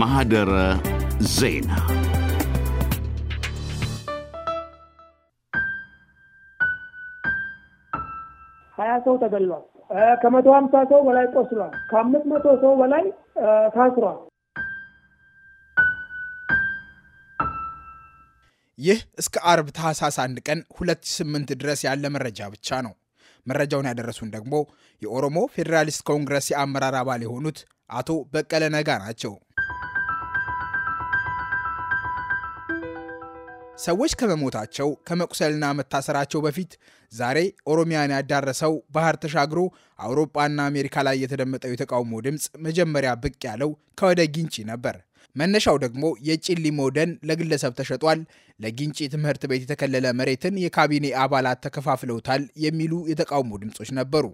ማህደረ ዜና ሀያ ሰው ተገሏል። ከመቶ ሀምሳ ሰው በላይ ቆስሏል። ከአምስት መቶ ሰው በላይ ታስሯል። ይህ እስከ አርብ ታህሳስ አንድ ቀን ስምንት ድረስ ያለ መረጃ ብቻ ነው። መረጃውን ያደረሱን ደግሞ የኦሮሞ ፌዴራሊስት ኮንግረስ የአመራር አባል የሆኑት አቶ በቀለ ነጋ ናቸው። ሰዎች ከመሞታቸው ከመቁሰልና መታሰራቸው በፊት ዛሬ ኦሮሚያን ያዳረሰው ባህር ተሻግሮ አውሮፓና አሜሪካ ላይ የተደመጠው የተቃውሞ ድምፅ መጀመሪያ ብቅ ያለው ከወደ ጊንቺ ነበር። መነሻው ደግሞ የጭሊ ሞደን ለግለሰብ ተሸጧል፣ ለጊንጪ ትምህርት ቤት የተከለለ መሬትን የካቢኔ አባላት ተከፋፍለውታል የሚሉ የተቃውሞ ድምፆች ነበሩ።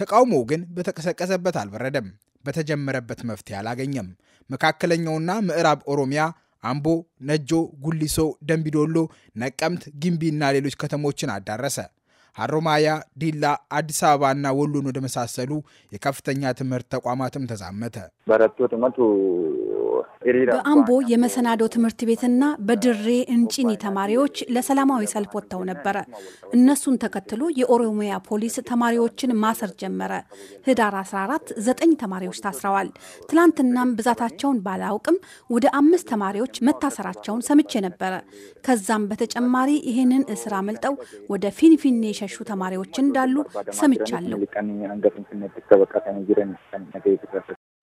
ተቃውሞው ግን በተቀሰቀሰበት አልበረደም፣ በተጀመረበት መፍትሄ አላገኘም። መካከለኛውና ምዕራብ ኦሮሚያ አምቦ፣ ነጆ፣ ጉሊሶ፣ ደንቢዶሎ፣ ነቀምት፣ እና ሌሎች ከተሞችን አዳረሰ። ሀሮማያ፣ ዲላ፣ አዲስ አበባና ወሎን ወደ መሳሰሉ የከፍተኛ ትምህርት ተቋማትም ተዛመተ። በአምቦ የመሰናዶ ትምህርት ቤትና በድሬ እንጪኒ ተማሪዎች ለሰላማዊ ሰልፍ ወጥተው ነበረ። እነሱን ተከትሎ የኦሮሚያ ፖሊስ ተማሪዎችን ማሰር ጀመረ። ህዳር 14 ዘጠኝ ተማሪዎች ታስረዋል። ትላንትናም ብዛታቸውን ባላውቅም ወደ አምስት ተማሪዎች መታሰራቸውን ሰምቼ ነበረ። ከዛም በተጨማሪ ይህንን እስር አመልጠው ወደ ፊንፊኔ የሸሹ ተማሪዎች እንዳሉ ሰምቻለሁ።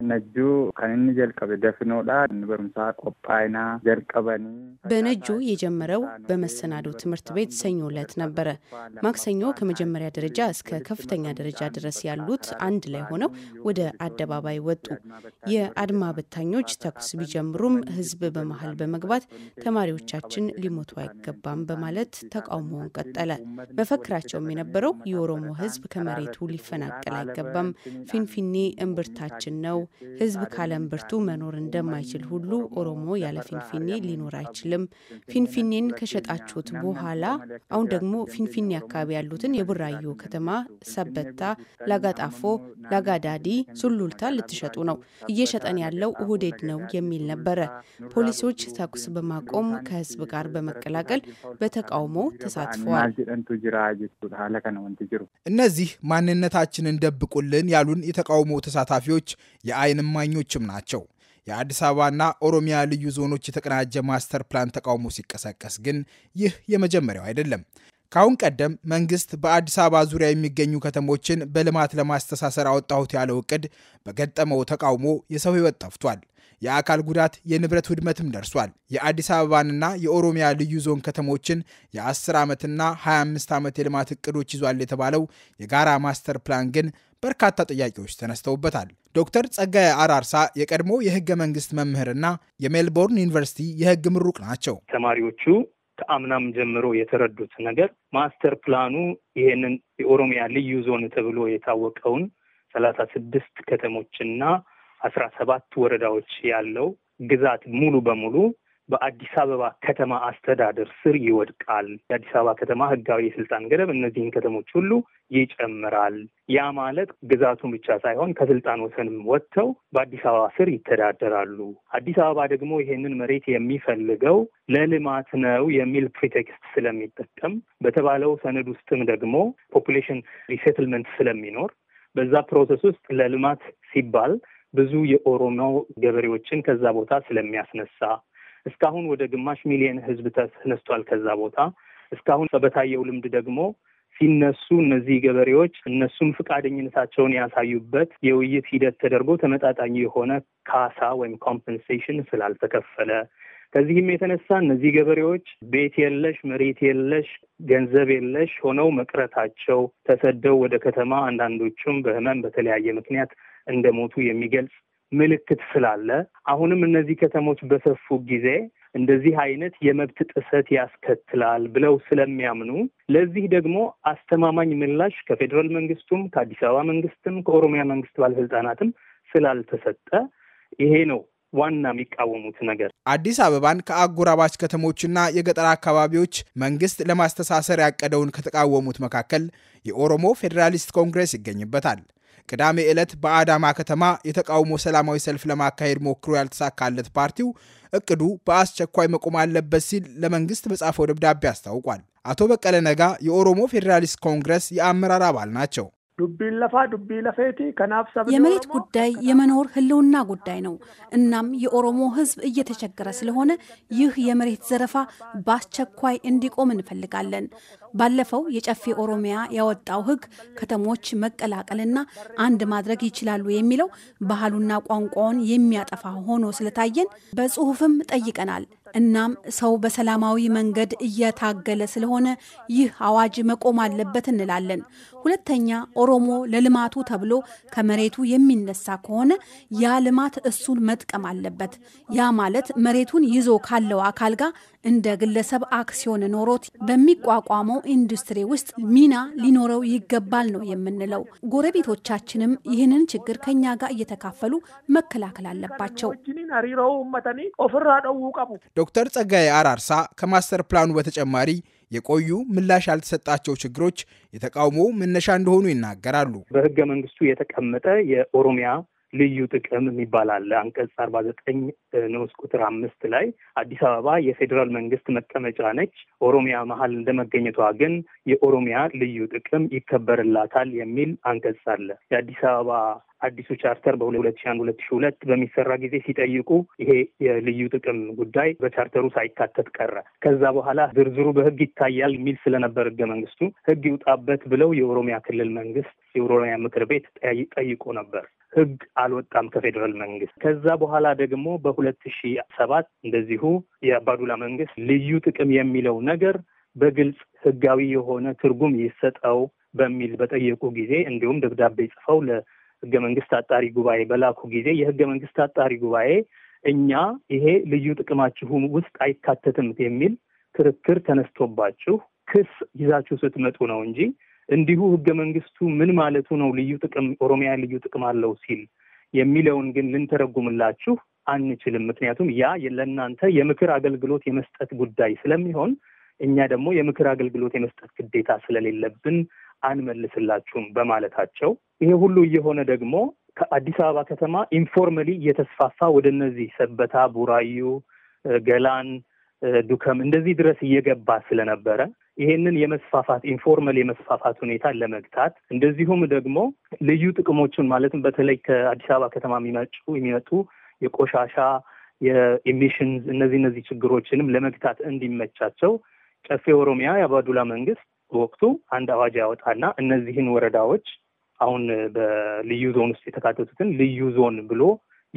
ነጁ ከንን ጀልቀበ ደፍኖዳ ንበርምሳ ቆጳይና ጀልቀበኒ በነጁ የጀመረው በመሰናዶ ትምህርት ቤት ሰኞ ዕለት ነበረ። ማክሰኞ ከመጀመሪያ ደረጃ እስከ ከፍተኛ ደረጃ ድረስ ያሉት አንድ ላይ ሆነው ወደ አደባባይ ወጡ። የአድማ በታኞች ተኩስ ቢጀምሩም ህዝብ በመሀል በመግባት ተማሪዎቻችን ሊሞቱ አይገባም በማለት ተቃውሞውን ቀጠለ። መፈክራቸውም የነበረው የኦሮሞ ህዝብ ከመሬቱ ሊፈናቀል አይገባም፣ ፊንፊኔ እምብርታችን ነው ህዝብ ብርቱ መኖር እንደማይችል ሁሉ ኦሮሞ ያለ ፊንፊኔ ሊኖር አይችልም። ፊንፊኔን ከሸጣችሁት በኋላ አሁን ደግሞ ፊንፊኔ አካባቢ ያሉትን የቡራዩ ከተማ፣ ሰበታ፣ ላጋጣፎ፣ ላጋዳዲ፣ ሱሉልታ ልትሸጡ ነው። እየሸጠን ያለው ኦህዴድ ነው የሚል ነበረ። ፖሊሶች ተኩስ በማቆም ከህዝብ ጋር በመቀላቀል በተቃውሞ ተሳትፈዋል። እነዚህ ማንነታችንን ደብቁልን ያሉን የተቃውሞ ተሳታፊዎች የዓይን እማኞችም ናቸው። የአዲስ አበባና ኦሮሚያ ልዩ ዞኖች የተቀናጀ ማስተር ፕላን ተቃውሞ ሲቀሰቀስ ግን ይህ የመጀመሪያው አይደለም። ከአሁን ቀደም መንግስት በአዲስ አበባ ዙሪያ የሚገኙ ከተሞችን በልማት ለማስተሳሰር አወጣሁት ያለው እቅድ በገጠመው ተቃውሞ የሰው ህይወት ጠፍቷል። የአካል ጉዳት፣ የንብረት ውድመትም ደርሷል። የአዲስ አበባንና የኦሮሚያ ልዩ ዞን ከተሞችን የ10 ዓመትና 25 ዓመት የልማት እቅዶች ይዟል የተባለው የጋራ ማስተር ፕላን ግን በርካታ ጥያቄዎች ተነስተውበታል። ዶክተር ጸጋዬ አራርሳ የቀድሞ የህገ መንግስት መምህርና የሜልቦርን ዩኒቨርሲቲ የህግ ምሩቅ ናቸው። ተማሪዎቹ ከአምናም ጀምሮ የተረዱት ነገር ማስተር ፕላኑ ይሄንን የኦሮሚያ ልዩ ዞን ተብሎ የታወቀውን ሰላሳ ስድስት ከተሞችና አስራ ሰባት ወረዳዎች ያለው ግዛት ሙሉ በሙሉ በአዲስ አበባ ከተማ አስተዳደር ስር ይወድቃል። የአዲስ አበባ ከተማ ህጋዊ የስልጣን ገደብ እነዚህን ከተሞች ሁሉ ይጨምራል። ያ ማለት ግዛቱን ብቻ ሳይሆን ከስልጣን ወሰንም ወጥተው በአዲስ አበባ ስር ይተዳደራሉ። አዲስ አበባ ደግሞ ይሄንን መሬት የሚፈልገው ለልማት ነው የሚል ፕሪቴክስት ስለሚጠቀም በተባለው ሰነድ ውስጥም ደግሞ ፖፑሌሽን ሪሴትልመንት ስለሚኖር በዛ ፕሮሰስ ውስጥ ለልማት ሲባል ብዙ የኦሮሞ ገበሬዎችን ከዛ ቦታ ስለሚያስነሳ እስካሁን ወደ ግማሽ ሚሊየን ህዝብ ተነስቷል ከዛ ቦታ። እስካሁን በታየው ልምድ ደግሞ ሲነሱ እነዚህ ገበሬዎች እነሱም ፈቃደኝነታቸውን ያሳዩበት የውይይት ሂደት ተደርጎ ተመጣጣኝ የሆነ ካሳ ወይም ኮምፐንሴሽን ስላልተከፈለ ከዚህም የተነሳ እነዚህ ገበሬዎች ቤት የለሽ መሬት የለሽ ገንዘብ የለሽ ሆነው መቅረታቸው ተሰደው ወደ ከተማ አንዳንዶቹም በህመም በተለያየ ምክንያት እንደሞቱ የሚገልጽ ምልክት ስላለ አሁንም እነዚህ ከተሞች በሰፉ ጊዜ እንደዚህ አይነት የመብት ጥሰት ያስከትላል ብለው ስለሚያምኑ ለዚህ ደግሞ አስተማማኝ ምላሽ ከፌዴራል መንግስቱም ከአዲስ አበባ መንግስትም ከኦሮሚያ መንግስት ባለስልጣናትም ስላልተሰጠ ይሄ ነው ዋና የሚቃወሙት ነገር አዲስ አበባን ከአጎራባች ከተሞችና የገጠር አካባቢዎች መንግስት ለማስተሳሰር ያቀደውን ከተቃወሙት መካከል የኦሮሞ ፌዴራሊስት ኮንግሬስ ይገኝበታል። ቅዳሜ ዕለት በአዳማ ከተማ የተቃውሞ ሰላማዊ ሰልፍ ለማካሄድ ሞክሮ ያልተሳካለት ፓርቲው እቅዱ በአስቸኳይ መቆም አለበት ሲል ለመንግስት በጻፈው ደብዳቤ አስታውቋል። አቶ በቀለ ነጋ የኦሮሞ ፌዴራሊስት ኮንግረስ የአመራር አባል ናቸው። የመሬት ጉዳይ የመኖር ህልውና ጉዳይ ነው። እናም የኦሮሞ ህዝብ እየተቸገረ ስለሆነ ይህ የመሬት ዘረፋ በአስቸኳይ እንዲቆም እንፈልጋለን። ባለፈው የጨፌ ኦሮሚያ ያወጣው ህግ ከተሞች መቀላቀልና አንድ ማድረግ ይችላሉ የሚለው ባህሉና ቋንቋውን የሚያጠፋ ሆኖ ስለታየን በጽሁፍም ጠይቀናል። እናም ሰው በሰላማዊ መንገድ እየታገለ ስለሆነ ይህ አዋጅ መቆም አለበት እንላለን። ሁለተኛ ኦሮሞ ለልማቱ ተብሎ ከመሬቱ የሚነሳ ከሆነ ያ ልማት እሱን መጥቀም አለበት። ያ ማለት መሬቱን ይዞ ካለው አካል ጋር እንደ ግለሰብ አክሲዮን ኖሮት በሚቋቋመው ኢንዱስትሪ ውስጥ ሚና ሊኖረው ይገባል ነው የምንለው። ጎረቤቶቻችንም ይህንን ችግር ከኛ ጋር እየተካፈሉ መከላከል አለባቸው። ዶክተር ጸጋዬ አራርሳ ከማስተር ፕላኑ በተጨማሪ የቆዩ ምላሽ ያልተሰጣቸው ችግሮች የተቃውሞ መነሻ እንደሆኑ ይናገራሉ። በህገ መንግስቱ የተቀመጠ የኦሮሚያ ልዩ ጥቅም የሚባል አለ። አንቀጽ አርባ ዘጠኝ ንዑስ ቁጥር አምስት ላይ አዲስ አበባ የፌዴራል መንግስት መቀመጫ ነች፣ ኦሮሚያ መሀል እንደመገኘቷ ግን የኦሮሚያ ልዩ ጥቅም ይከበርላታል የሚል አንቀጽ አለ። የአዲስ አበባ አዲሱ ቻርተር በሁለት ሺ አንድ ሁለት ሺ ሁለት በሚሰራ ጊዜ ሲጠይቁ ይሄ የልዩ ጥቅም ጉዳይ በቻርተሩ ሳይካተት ቀረ። ከዛ በኋላ ዝርዝሩ በህግ ይታያል የሚል ስለነበር ህገ መንግስቱ ህግ ይውጣበት ብለው የኦሮሚያ ክልል መንግስት የኦሮሚያ ምክር ቤት ጠይቆ ነበር። ህግ አልወጣም ከፌዴራል መንግስት። ከዛ በኋላ ደግሞ በሁለት ሺ ሰባት እንደዚሁ የአባዱላ መንግስት ልዩ ጥቅም የሚለው ነገር በግልጽ ህጋዊ የሆነ ትርጉም ይሰጠው በሚል በጠየቁ ጊዜ እንዲሁም ደብዳቤ ጽፈው ህገ መንግስት አጣሪ ጉባኤ በላኩ ጊዜ የህገ መንግስት አጣሪ ጉባኤ እኛ ይሄ ልዩ ጥቅማችሁ ውስጥ አይካተትም የሚል ክርክር ተነስቶባችሁ ክስ ይዛችሁ ስትመጡ ነው እንጂ እንዲሁ ህገ መንግስቱ ምን ማለቱ ነው ልዩ ጥቅም ኦሮሚያ ልዩ ጥቅም አለው ሲል የሚለውን ግን ልንተረጉምላችሁ አንችልም። ምክንያቱም ያ ለእናንተ የምክር አገልግሎት የመስጠት ጉዳይ ስለሚሆን እኛ ደግሞ የምክር አገልግሎት የመስጠት ግዴታ ስለሌለብን አንመልስላችሁም በማለታቸው ይሄ ሁሉ እየሆነ ደግሞ ከአዲስ አበባ ከተማ ኢንፎርመሊ እየተስፋፋ ወደ እነዚህ ሰበታ፣ ቡራዩ፣ ገላን፣ ዱከም እንደዚህ ድረስ እየገባ ስለነበረ ይሄንን የመስፋፋት ኢንፎርመል የመስፋፋት ሁኔታ ለመግታት እንደዚሁም ደግሞ ልዩ ጥቅሞችን ማለትም በተለይ ከአዲስ አበባ ከተማ የሚመጩ የሚመጡ የቆሻሻ የኢሚሽንስ እነዚህ እነዚህ ችግሮችንም ለመግታት እንዲመቻቸው ጨፌ ኦሮሚያ የአባዱላ መንግስት በወቅቱ አንድ አዋጅ ያወጣና እነዚህን ወረዳዎች አሁን በልዩ ዞን ውስጥ የተካተቱትን ልዩ ዞን ብሎ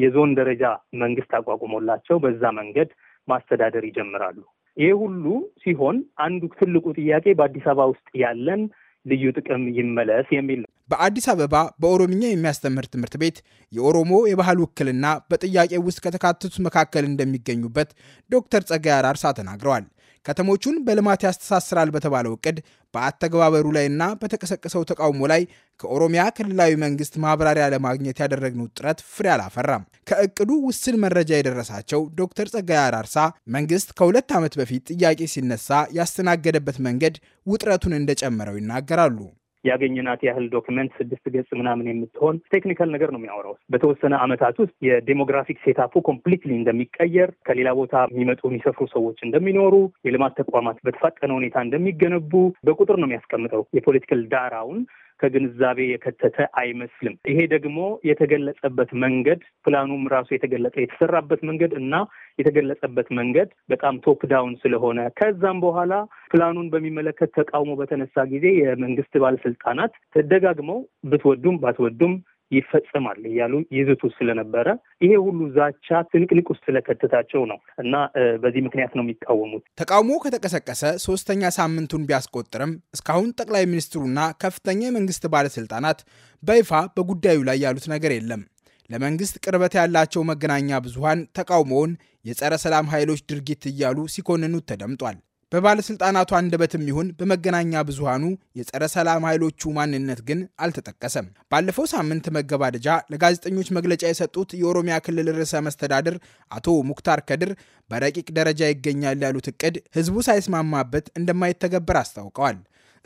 የዞን ደረጃ መንግስት አቋቁሞላቸው በዛ መንገድ ማስተዳደር ይጀምራሉ። ይሄ ሁሉ ሲሆን አንዱ ትልቁ ጥያቄ በአዲስ አበባ ውስጥ ያለን ልዩ ጥቅም ይመለስ የሚል ነው። በአዲስ አበባ በኦሮምኛ የሚያስተምር ትምህርት ቤት የኦሮሞ የባህል ውክልና በጥያቄ ውስጥ ከተካተቱት መካከል እንደሚገኙበት ዶክተር ጸጋይ አራርሳ ተናግረዋል። ከተሞቹን በልማት ያስተሳስራል በተባለው እቅድ በአተገባበሩ ላይና በተቀሰቀሰው ተቃውሞ ላይ ከኦሮሚያ ክልላዊ መንግስት ማብራሪያ ለማግኘት ያደረግነው ጥረት ፍሬ አላፈራም። ከእቅዱ ውስን መረጃ የደረሳቸው ዶክተር ጸጋይ አራርሳ መንግስት ከሁለት ዓመት በፊት ጥያቄ ሲነሳ ያስተናገደበት መንገድ ውጥረቱን እንደጨመረው ይናገራሉ። ያገኘናት ያህል ዶክመንት ስድስት ገጽ ምናምን የምትሆን ቴክኒካል ነገር ነው የሚያወራው። በተወሰነ አመታት ውስጥ የዴሞግራፊክ ሴታፑ ኮምፕሊትሊ እንደሚቀየር፣ ከሌላ ቦታ የሚመጡ የሚሰፍሩ ሰዎች እንደሚኖሩ፣ የልማት ተቋማት በተፋጠነ ሁኔታ እንደሚገነቡ በቁጥር ነው የሚያስቀምጠው። የፖለቲካል ዳራውን ከግንዛቤ የከተተ አይመስልም። ይሄ ደግሞ የተገለጸበት መንገድ ፕላኑም ራሱ የተገለጸ የተሰራበት መንገድ እና የተገለጸበት መንገድ በጣም ቶፕ ዳውን ስለሆነ ከዛም በኋላ ፕላኑን በሚመለከት ተቃውሞ በተነሳ ጊዜ የመንግስት ባለስልጣናት ተደጋግመው ብትወዱም ባትወዱም ይፈጸማል እያሉ ይዝቱ ስለነበረ ይሄ ሁሉ ዛቻ ትንቅንቅ ውስጥ ስለከተታቸው ነው እና በዚህ ምክንያት ነው የሚቃወሙት። ተቃውሞ ከተቀሰቀሰ ሶስተኛ ሳምንቱን ቢያስቆጥርም እስካሁን ጠቅላይ ሚኒስትሩና ከፍተኛ የመንግስት ባለስልጣናት በይፋ በጉዳዩ ላይ ያሉት ነገር የለም። ለመንግስት ቅርበት ያላቸው መገናኛ ብዙሃን ተቃውሞውን የጸረ ሰላም ኃይሎች ድርጊት እያሉ ሲኮንኑት ተደምጧል። በባለሥልጣናቱ አንደበትም ይሁን በመገናኛ ብዙሃኑ የጸረ ሰላም ኃይሎቹ ማንነት ግን አልተጠቀሰም። ባለፈው ሳምንት መገባደጃ ለጋዜጠኞች መግለጫ የሰጡት የኦሮሚያ ክልል ርዕሰ መስተዳድር አቶ ሙክታር ከድር በረቂቅ ደረጃ ይገኛል ያሉት እቅድ ሕዝቡ ሳይስማማበት እንደማይተገበር አስታውቀዋል።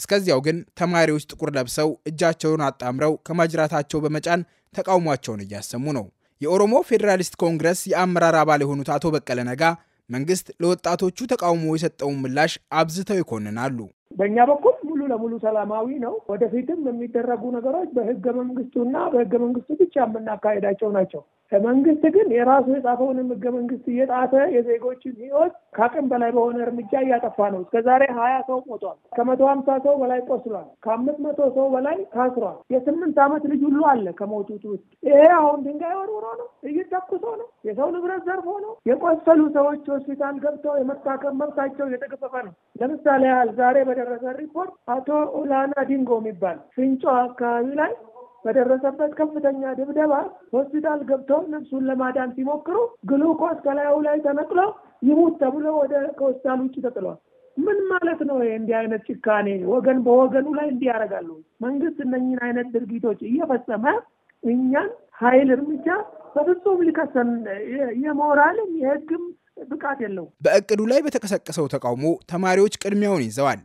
እስከዚያው ግን ተማሪዎች ጥቁር ለብሰው እጃቸውን አጣምረው ከማጅራታቸው በመጫን ተቃውሟቸውን እያሰሙ ነው። የኦሮሞ ፌዴራሊስት ኮንግረስ የአመራር አባል የሆኑት አቶ በቀለ ነጋ መንግስት ለወጣቶቹ ተቃውሞ የሰጠውን ምላሽ አብዝተው ይኮንናሉ። በእኛ በኩል ለሙሉ ሰላማዊ ነው። ወደፊትም የሚደረጉ ነገሮች በህገ መንግስቱና በህገ መንግስቱ ብቻ የምናካሄዳቸው ናቸው። መንግስት ግን የራሱ የጻፈውንም ህገ መንግስት እየጣሰ የዜጎችን ህይወት ከአቅም በላይ በሆነ እርምጃ እያጠፋ ነው። እስከዛሬ ሀያ ሰው ሞቷል። ከመቶ ሀምሳ ሰው በላይ ቆስሏል። ከአምስት መቶ ሰው በላይ ታስሯል። የስምንት ዓመት ልጅ ሁሉ አለ ከሞቱት ውስጥ። ይሄ አሁን ድንጋይ ወርውሮ ነው፣ ጥይት ተኩሶ ነው፣ የሰው ንብረት ዘርፎ ነው። የቆሰሉ ሰዎች ሆስፒታል ገብተው የመታከም መብታቸው እየተገፈፈ ነው። ለምሳሌ ያህል ዛሬ በደረሰ ሪፖርት አቶ ኦላና ዲንጎ የሚባል ፍንጮ አካባቢ ላይ በደረሰበት ከፍተኛ ድብደባ ሆስፒታል ገብተው ነፍሱን ለማዳን ሲሞክሩ ግሉኮስ ከላዩ ላይ ተነቅሎ ይሙት ተብሎ ወደ ከሆስፒታል ውጭ ተጥሏል። ምን ማለት ነው? ይሄ እንዲህ አይነት ጭካኔ ወገን በወገኑ ላይ እንዲህ ያደርጋሉ። መንግስት እነኝን አይነት ድርጊቶች እየፈጸመ እኛን ኃይል እርምጃ በፍጹም ሊከሰን የሞራልም የህግም ብቃት የለው። በእቅዱ ላይ በተቀሰቀሰው ተቃውሞ ተማሪዎች ቅድሚያውን ይዘዋል።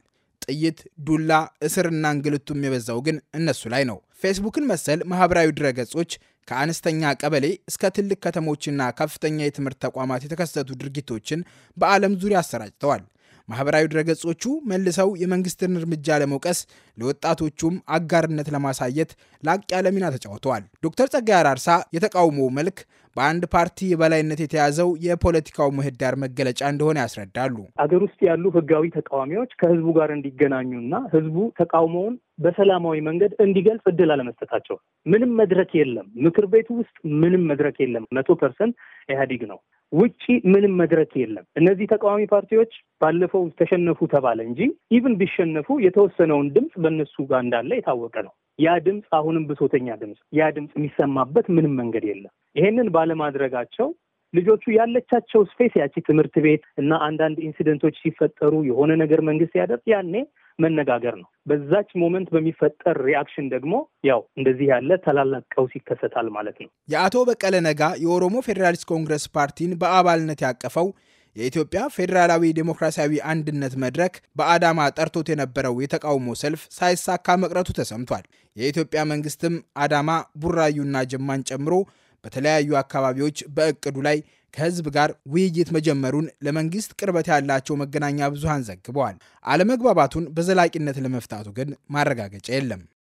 ጥይት፣ ዱላ፣ እስርና እንግልቱም የበዛው ግን እነሱ ላይ ነው። ፌስቡክን መሰል ማህበራዊ ድረገጾች ከአነስተኛ ቀበሌ እስከ ትልቅ ከተሞችና ከፍተኛ የትምህርት ተቋማት የተከሰቱ ድርጊቶችን በዓለም ዙሪያ አሰራጭተዋል። ማህበራዊ ድረገጾቹ መልሰው የመንግስትን እርምጃ ለመውቀስ ለወጣቶቹም አጋርነት ለማሳየት ላቅ ያለ ሚና ተጫውተዋል። ዶክተር ጸጋይ አራርሳ የተቃውሞ መልክ በአንድ ፓርቲ የበላይነት የተያዘው የፖለቲካው ምህዳር መገለጫ እንደሆነ ያስረዳሉ። አገር ውስጥ ያሉ ህጋዊ ተቃዋሚዎች ከህዝቡ ጋር እንዲገናኙና ህዝቡ ተቃውሞውን በሰላማዊ መንገድ እንዲገልጽ እድል አለመስጠታቸው። ምንም መድረክ የለም። ምክር ቤቱ ውስጥ ምንም መድረክ የለም። መቶ ፐርሰንት ኢህአዲግ ነው። ውጪ ምንም መድረክ የለም። እነዚህ ተቃዋሚ ፓርቲዎች ባለፈው ተሸነፉ ተባለ እንጂ ኢቭን ቢሸነፉ የተወሰነውን ድምፅ በእነሱ ጋር እንዳለ የታወቀ ነው። ያ ድምፅ አሁንም ብሶተኛ ድምፅ፣ ያ ድምፅ የሚሰማበት ምንም መንገድ የለም። ይሄንን ባለማድረጋቸው ልጆቹ ያለቻቸው ስፔስ ያቺ ትምህርት ቤት እና አንዳንድ ኢንሲደንቶች ሲፈጠሩ የሆነ ነገር መንግስት ያደርግ ያኔ መነጋገር ነው። በዛች ሞመንት በሚፈጠር ሪአክሽን ደግሞ ያው እንደዚህ ያለ ታላላቅ ቀውስ ይከሰታል ማለት ነው። የአቶ በቀለ ነጋ የኦሮሞ ፌዴራሊስት ኮንግረስ ፓርቲን በአባልነት ያቀፈው የኢትዮጵያ ፌዴራላዊ ዴሞክራሲያዊ አንድነት መድረክ በአዳማ ጠርቶት የነበረው የተቃውሞ ሰልፍ ሳይሳካ መቅረቱ ተሰምቷል። የኢትዮጵያ መንግስትም አዳማ፣ ቡራዩና ጅማን ጨምሮ በተለያዩ አካባቢዎች በእቅዱ ላይ ከህዝብ ጋር ውይይት መጀመሩን ለመንግስት ቅርበት ያላቸው መገናኛ ብዙሃን ዘግበዋል። አለመግባባቱን በዘላቂነት ለመፍታቱ ግን ማረጋገጫ የለም።